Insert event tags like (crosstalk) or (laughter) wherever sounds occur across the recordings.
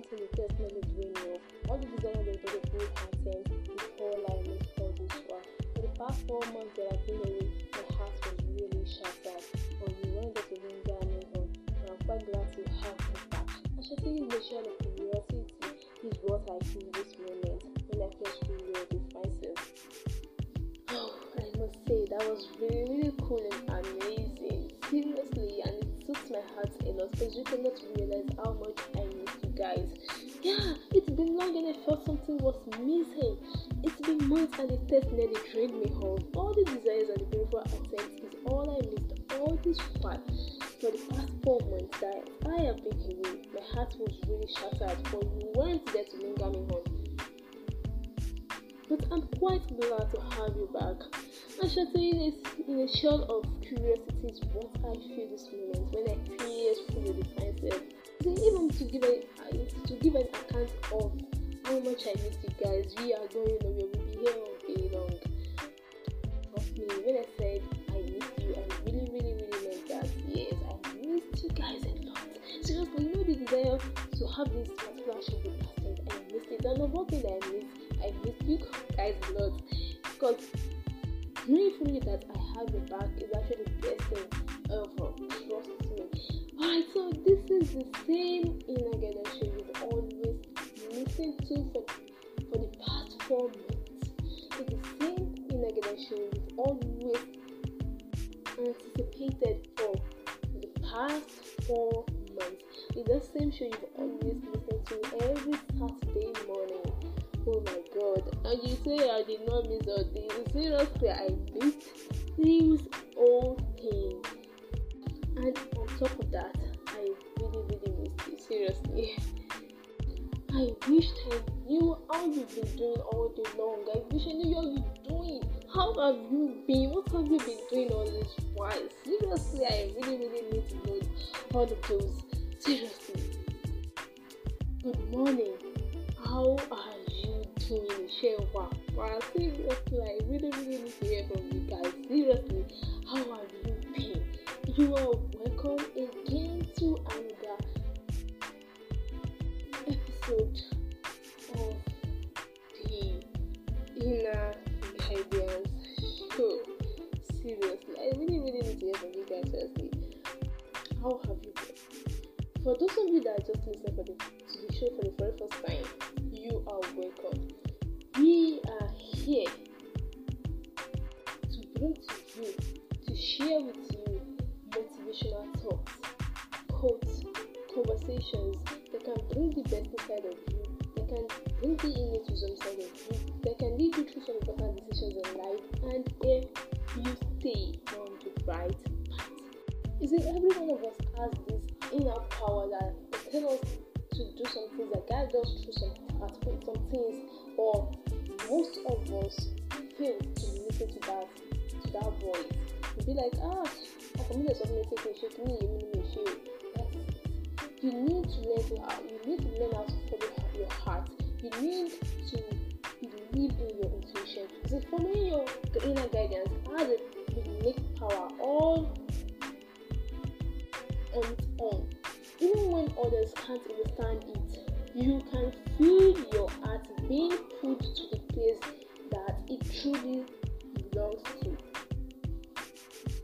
something is first doing well. All the designers they do the good content, the core line is for this one. For the past four months that I've been away, my heart was really shattered. But we wanted to bring that on, and I'm quite glad to have him back. I should say the share of curiosity is what I feel this moment when I first reread myself. Oh, (sighs) I must say that was really cool and amazing. Seriously, and it took my heart a lot because you cannot realize how much I guys. Yeah, it's been long and I felt something was missing. It's been months and the test nearly drained me home. All the desires and the painful attempts is all I missed. All this part for the past four months that I have been away. My heart was really shattered, but you weren't there to linger me home. But I'm quite glad to have you back. My shattering is in a shell of curiosity is what I feel this moment when I through the defensive even to give a, to give an account of how much I miss you guys. We are going on. We will be here all day long. Trust me, when I said I miss you, I really, really, really meant that. Yes, I miss you guys a lot. Seriously, you know the desire to have this particular show be lasted. I miss it. And the one thing that I miss, I miss you guys a lot because knowing fully that I have your back is actually the best thing ever. Trust Right, so this is the same Inaga that she would always listening to for, for the past four months. It's the same Inaga that she would always anticipated for the past four months. It's the same show you've always listened to every Saturday morning. Oh my god. And you say I did not miss all this. Seriously, I missed things been doing all day long, guys. Usually, what you doing? How have you been? What have you been doing all this while? Seriously, I really, really need to know all the details. guys, seriously, how have you been? For those of you that are just listening for the, to the show for the very first time, you are welcome. We are here to bring to you, to share with you motivational thoughts, quotes, conversations that can bring the best inside of you, that can bring the innate wisdom inside of you has this inner power that is able to do some things that guide us through some, some things, or most of us fail to listen to that to that voice. you would be like, ah, I make something that takes me, me, me, me, you need to learn to how uh, you need to learn how to follow your heart. You need to believe in your intuition. Because following your inner guidance has a unique power. All and on. Even when others can't understand it, you can feel your heart being put to the place that it truly belongs to.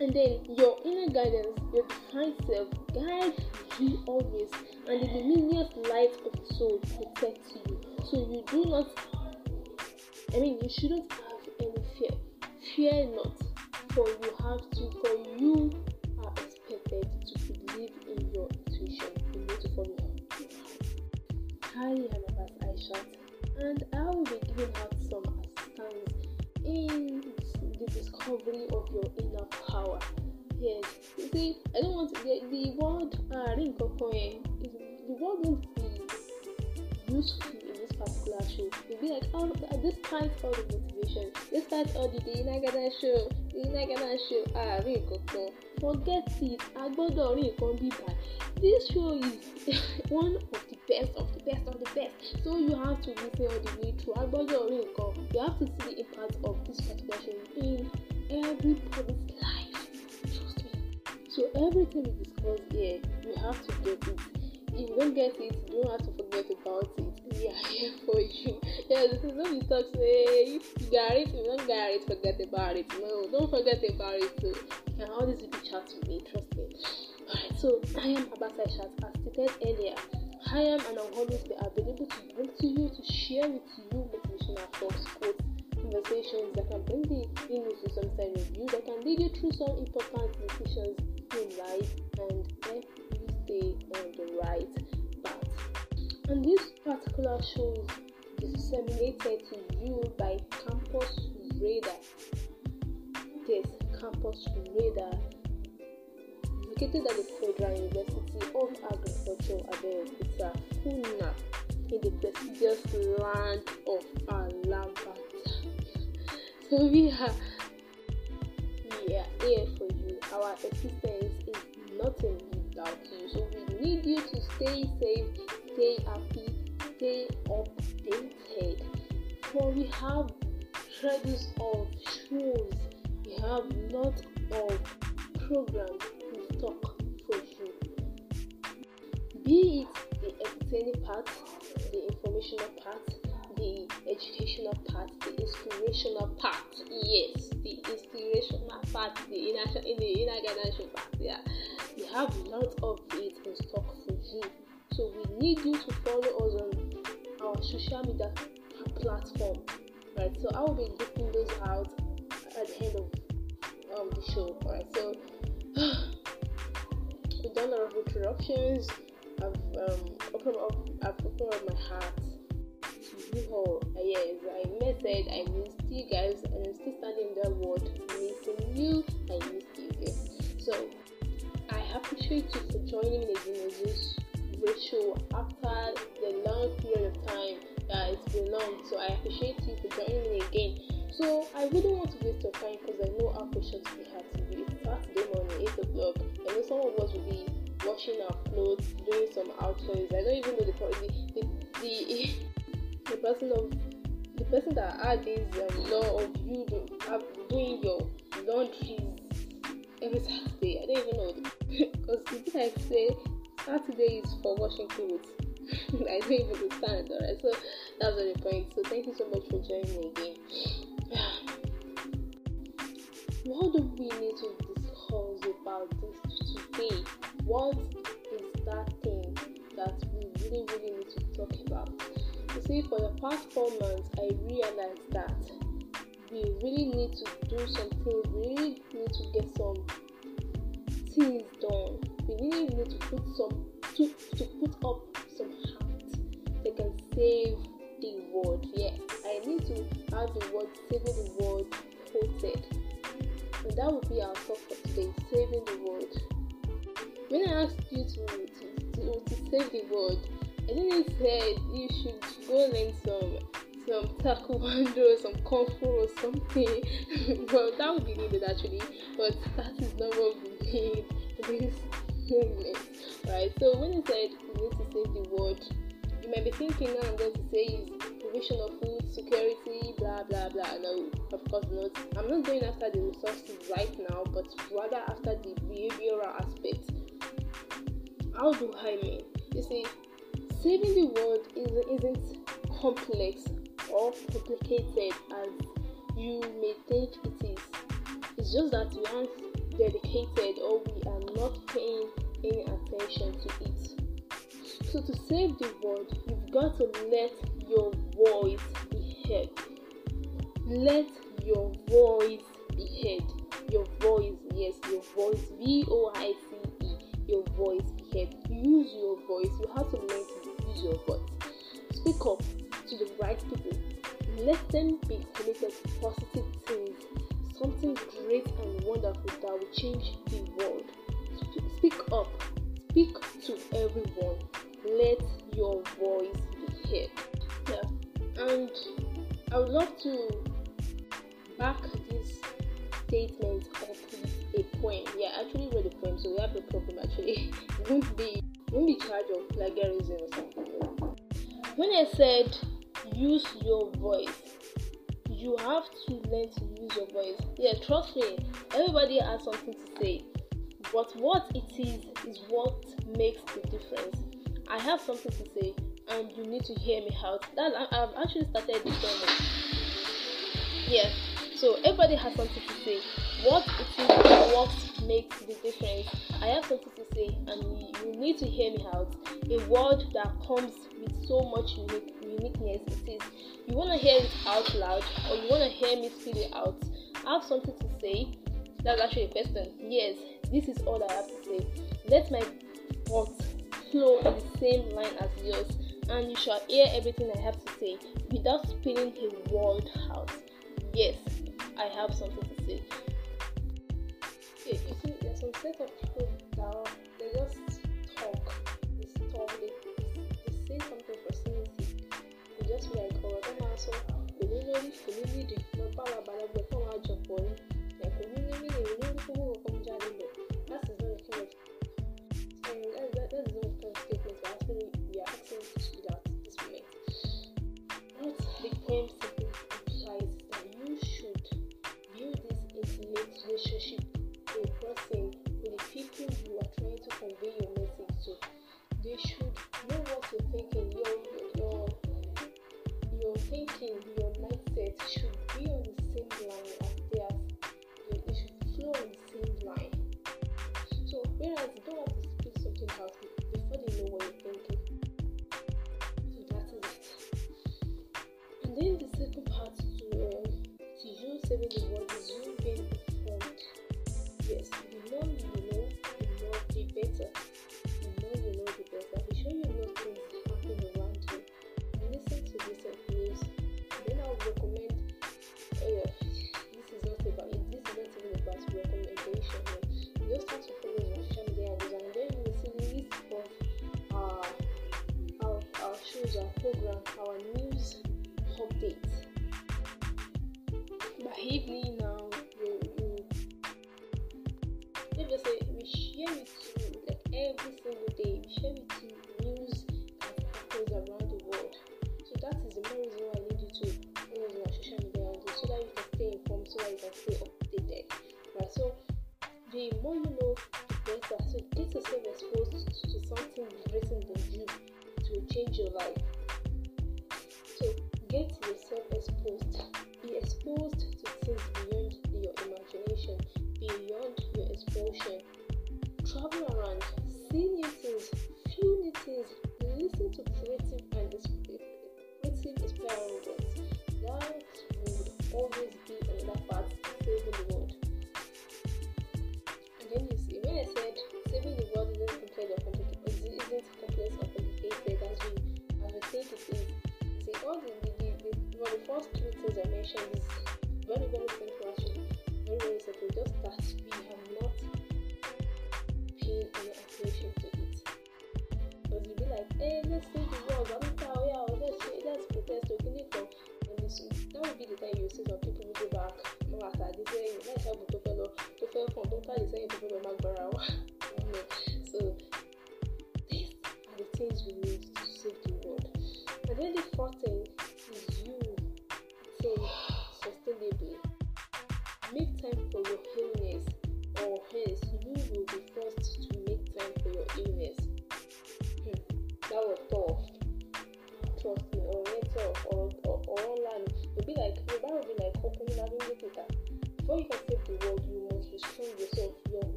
And then your inner guidance, your divine self, guides you always, and the luminous light of the soul protects you. So you do not, I mean, you shouldn't have any fear. Fear not, for you have to, for you are expected to Kylie and Abbas Aishat, and I will be giving out some assistance in the discovery of your inner power. Yes, you see, I don't want to, get the word uh, ah, ring the word won't be useful in this particular show. It'll be like, oh, this despite all the motivation, despite all the gotta show, the to show, ah, ring forget it, I got the ring This show is (laughs) one of best of the best of the best so you have to win all the way through agbọ́jọ́ orí nǹkan you have to see the impact of this particular thing in everybody's life trust me so everything we discuss here you have to get it if you don't get it you don't have to forget about it we are here for you yes this is don't be talk say if you got it you don't got it forget about it no don't forget about it so all can always be chat with me trust me alright so I am Abasa Ishat as stated earlier I am and I'll always be available to bring to you, to share with you motivational thoughts, quotes, conversations that can bring the illness to some side of you, that can lead you through some important decisions in life and help you stay on the right path. And this particular show is disseminated to you by Campus Radar. Yes, Campus Radar located at the Federal University of Agriculture Abeokuta, Pune, in the prestigious land of Alambata. so we are we are here for you. Our existence is nothing without you. So we need you to stay safe, stay happy, stay updated. For we have schedules of shoes, we have lots of programs stock for you. Be it the entertaining part, the informational part, the educational part, the inspirational part. Yes, the inspirational part, the inner, the inner guidance part. Yeah, we have a lot of it in stock for you. So we need you to follow us on our social media platform. Right. So I will be getting those out at the end of um, the show. Alright. So. (sighs) i have done a lot of introductions. I've um, opened up, I've opened up my heart to you all. Uh, yes, I missed it. I missed you guys, and I'm still standing that word missing you. I miss you guys. So I appreciate you for joining me again on this ratio after the long period of time that it's been long. So I appreciate you for joining me again. So I wouldn't want to waste your time because I know how patient we have to be. It's Saturday morning, 8 o'clock. I know some of us will be washing our clothes, doing some outfits. I don't even know the the the, (laughs) the person of the person that had this um, law of you do, have, doing your laundry every Saturday. I don't even know because the thing I say Saturday is for washing clothes. (laughs) I don't even understand. Alright, so that's the point. So thank you so much for joining me again. (sighs) what do we need to discuss about this today? What is that thing that we really, really need to talk about? You see, for the past four months, I realized that we really need to do some things, we really need to get some things done. We really need to put some to, to put up some heart that can save the world. I need to add the word saving the world" posted. And that will be our talk for today, saving the world. When I asked you to, to, to, save the world, I didn't say you should go learn some some taekwondo, some kung fu or something. (laughs) well, that would be needed actually, but that is not what we need this moment, right? So when I said you need to save the world, you might be thinking now oh, I'm going to say is provision of food, security, blah blah blah. No, of course not. I'm not going after the resources right now, but rather after the behavioral aspect. How do I mean? You see, saving the world is, isn't complex or complicated as you may think it is. It's just that we aren't dedicated or we are not paying any attention to it. So, to save the world, you've got to let your voice be heard. Let your voice be heard. Your voice, yes, your voice. V O I C E. Your voice be heard. Use your voice. You have to learn to use your voice. Speak up to the right people. Let them be committed to positive things, something great and wonderful that will change the world. Speak up. Speak to everyone. Let your voice kid. Yeah. And I would love to back this statement up with a poem. Yeah, I actually read the poem, so we have no problem actually. (laughs) won't be won't be charged of plagiarism or something. When I said use your voice, you have to learn to use your voice. Yeah, trust me, everybody has something to say. But what it is is what makes the difference. I have something to say, and um, you need to hear me out. That I've actually started this sermon. Yes. So everybody has something to say. What it is, what makes the difference. I have something to say, and you need to hear me out. A word that comes with so much unique, uniqueness. It is. You want to hear it out loud, or you want to hear me speak it out. I have something to say. That's actually a question. Yes, this is all I have to say. Let my thoughts flow in the same line as yours and you shall hear everything I have to say without spilling a word out. Yes, I have something to say. Hey, you see, there's some set of people that they just talk, they talk, they, they say something for sake. They just like, oh, I don't know, so, they really, they really, they, blah, blah, blah, blah, blah, blah, blah, blah, Whereas you don't have to speak something out before they know what you're thinking. So that is it. And then the second part to, um, to you saving the world is you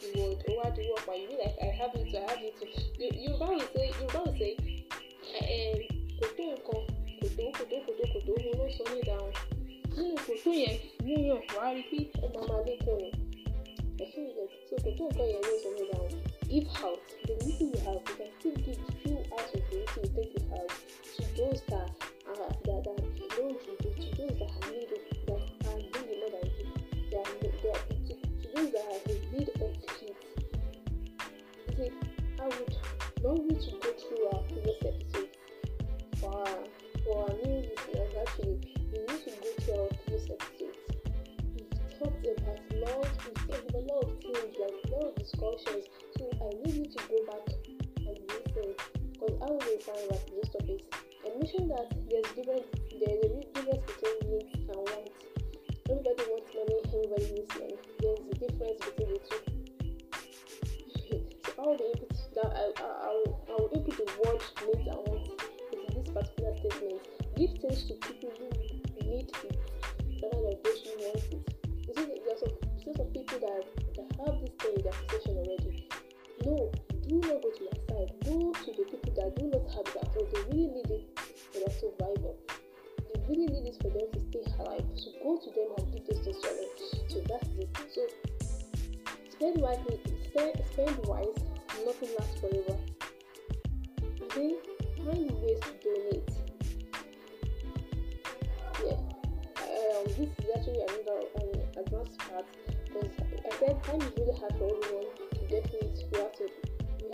say the word owadu work but you be like i have it i have it you Yorùbá will say Yorùbá will say kòtó nǹkan kòtó kòtó kòtó kòtó òun ló sọ ní ìdáhùn nínú kòtó yẹn yíyan wàá rí pé ó máa máa lékún ni ẹ̀fọ́ ìyẹn so kòtó nǹkan yẹn ló sọ ní ìdáhùn give out the little you have you can still give few out of the little you take you have to those that are that that don't you do to those that are need that are doing more than you they are they are to those that are in need of I would long way to go through our previous episode for our, for our new listeners. Actually, you need to go through our previous episodes. We've talked about lot, we've talked a lot of things, like a lot of discussions. So I need you to go back and listen because I will be fine about this topic. I mentioned that there's different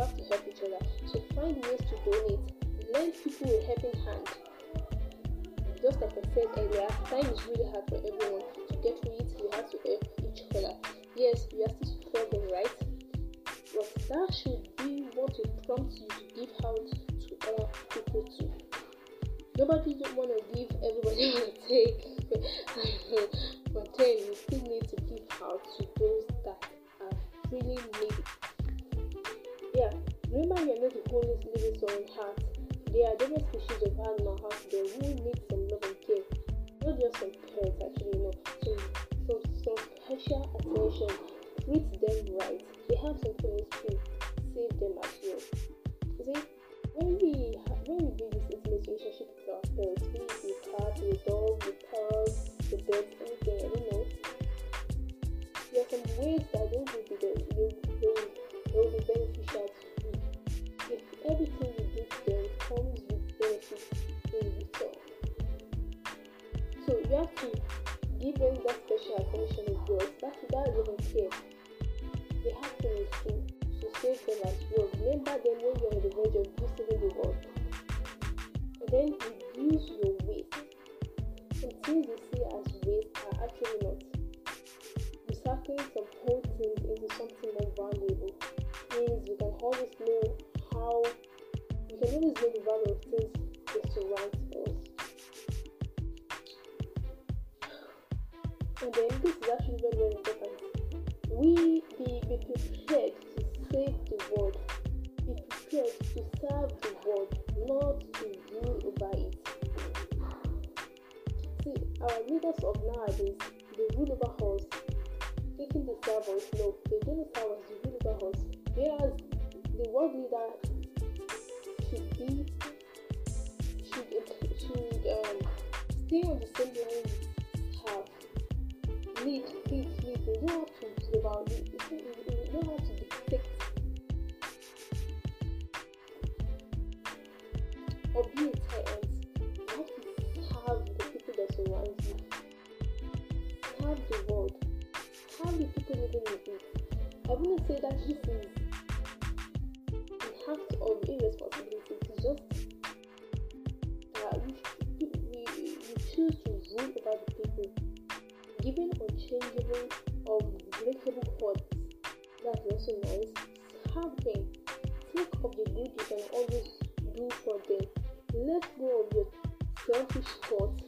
have to help each other. So find ways to donate. Lend people a helping hand. Just like I said earlier, time is really hard for everyone. To get through it, we have to help each other. Yes, we are still struggling, right? But that should be what will prompt you to give out to other people too. Nobody don't want to give, everybody (laughs) want to take. (laughs) but then you still need to give out to those that are really need yeah, remember you're not the only living soul heart. There are different species of animal out there who need some love and care. Not just some pets, actually, you know, some, some, some special attention. Treat them right. They have some feelings too. Save them as well. You see, when we when we do this intimate relationship with our parents, be it with a with a dog, of nowadays forgiving, unchangeable, unbreakable um, hearts. That's also nice. Have them. Think of the good you can always do for them. Let go of your selfish thoughts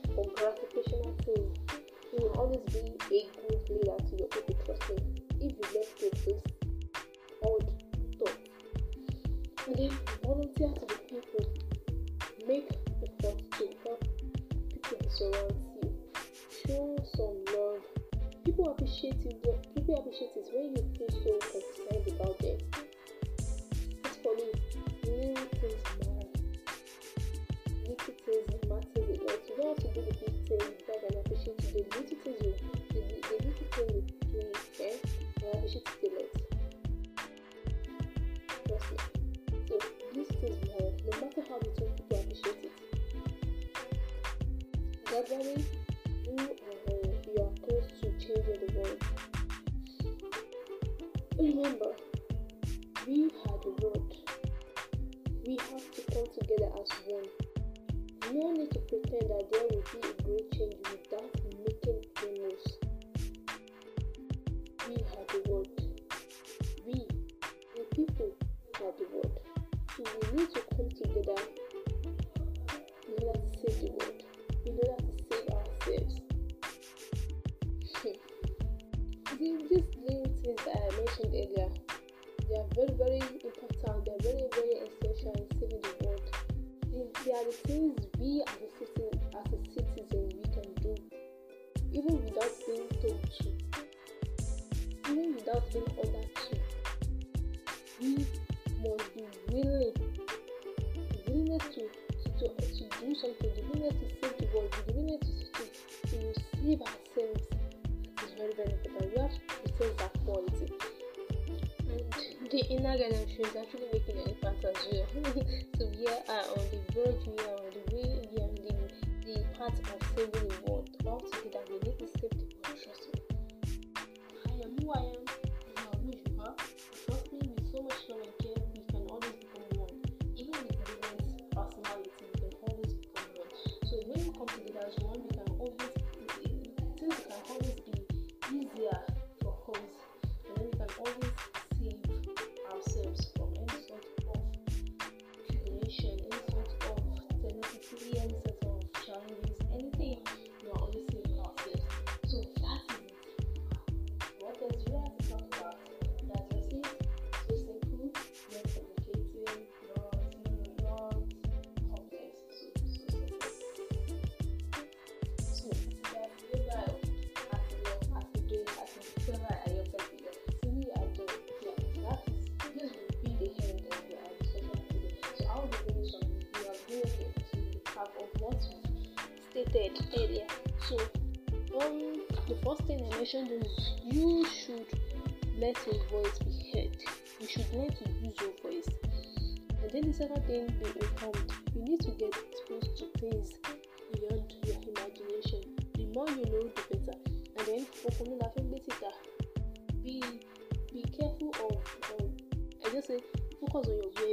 Debbie. being told to, even without being ordered to. We must be willing, willingness to, to, to, do something, the willingness to say to God, the willingness to, to, to receive ourselves is very, very important. We have to face that quality. And the inner guidance is actually making an impact as well. (laughs) so we are on the verge, we are on the way, we are on the, the path of saving the world. I mentioned is you should let your voice be heard. You should learn to use your voice. And then the second thing, be informed. You need to get exposed to things beyond your imagination. The more you know, the better. And then, think, that better. Be be careful of. Um, I just say focus on your way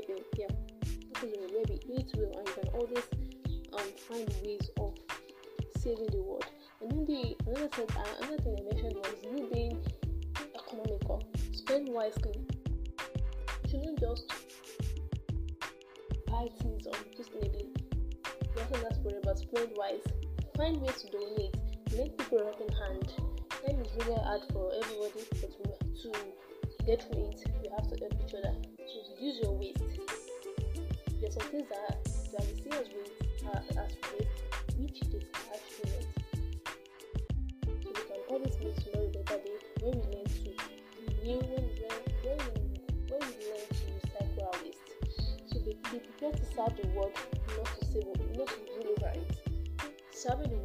sabe, no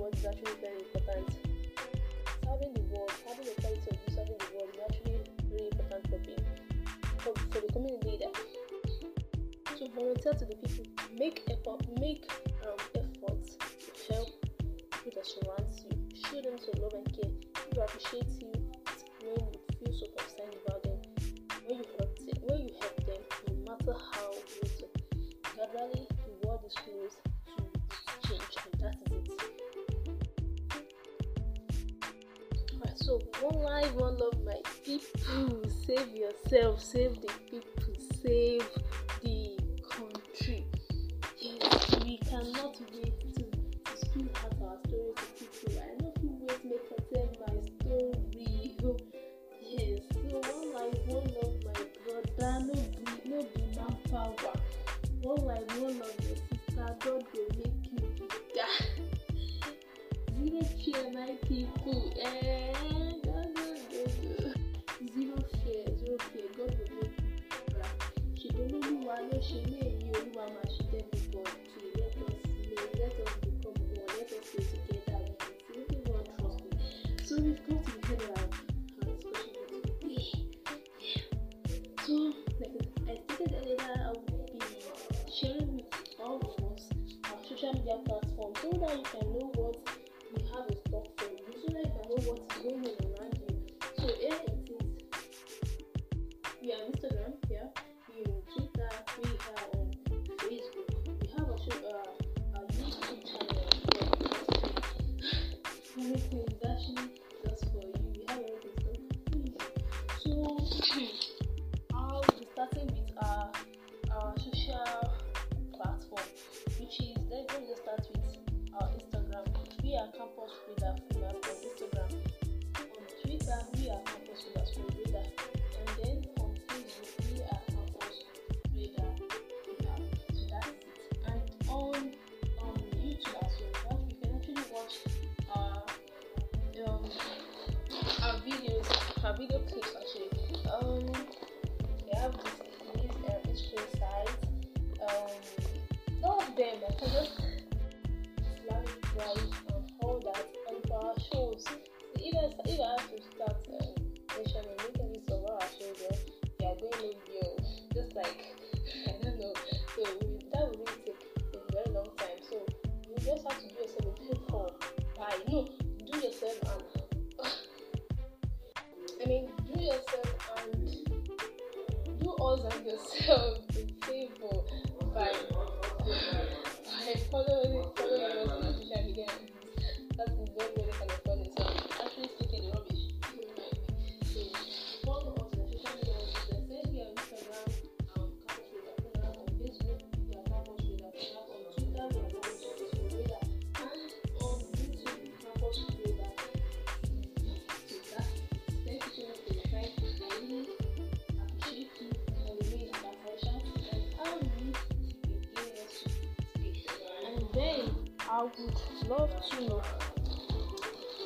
I would love to know.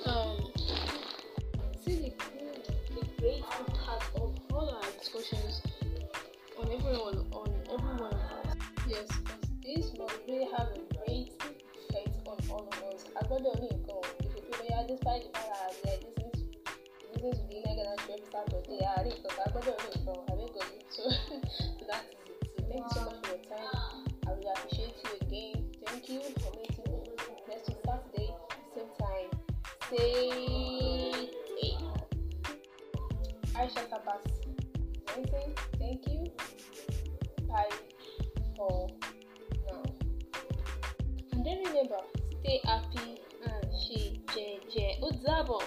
Um, see the, the great impact of all our discussions on everyone, on everyone of us. Yes, because this will really have a great effect on all of us. I got the only goal. If you feel yeah, despite the fact that I listen to, listen to the negative the day, I think I got the only goal. say eight. Aisha Kabas. Anything? Thank you. Bye for now. And then remember, stay happy and she jẹ jẹ ó dàbọ̀.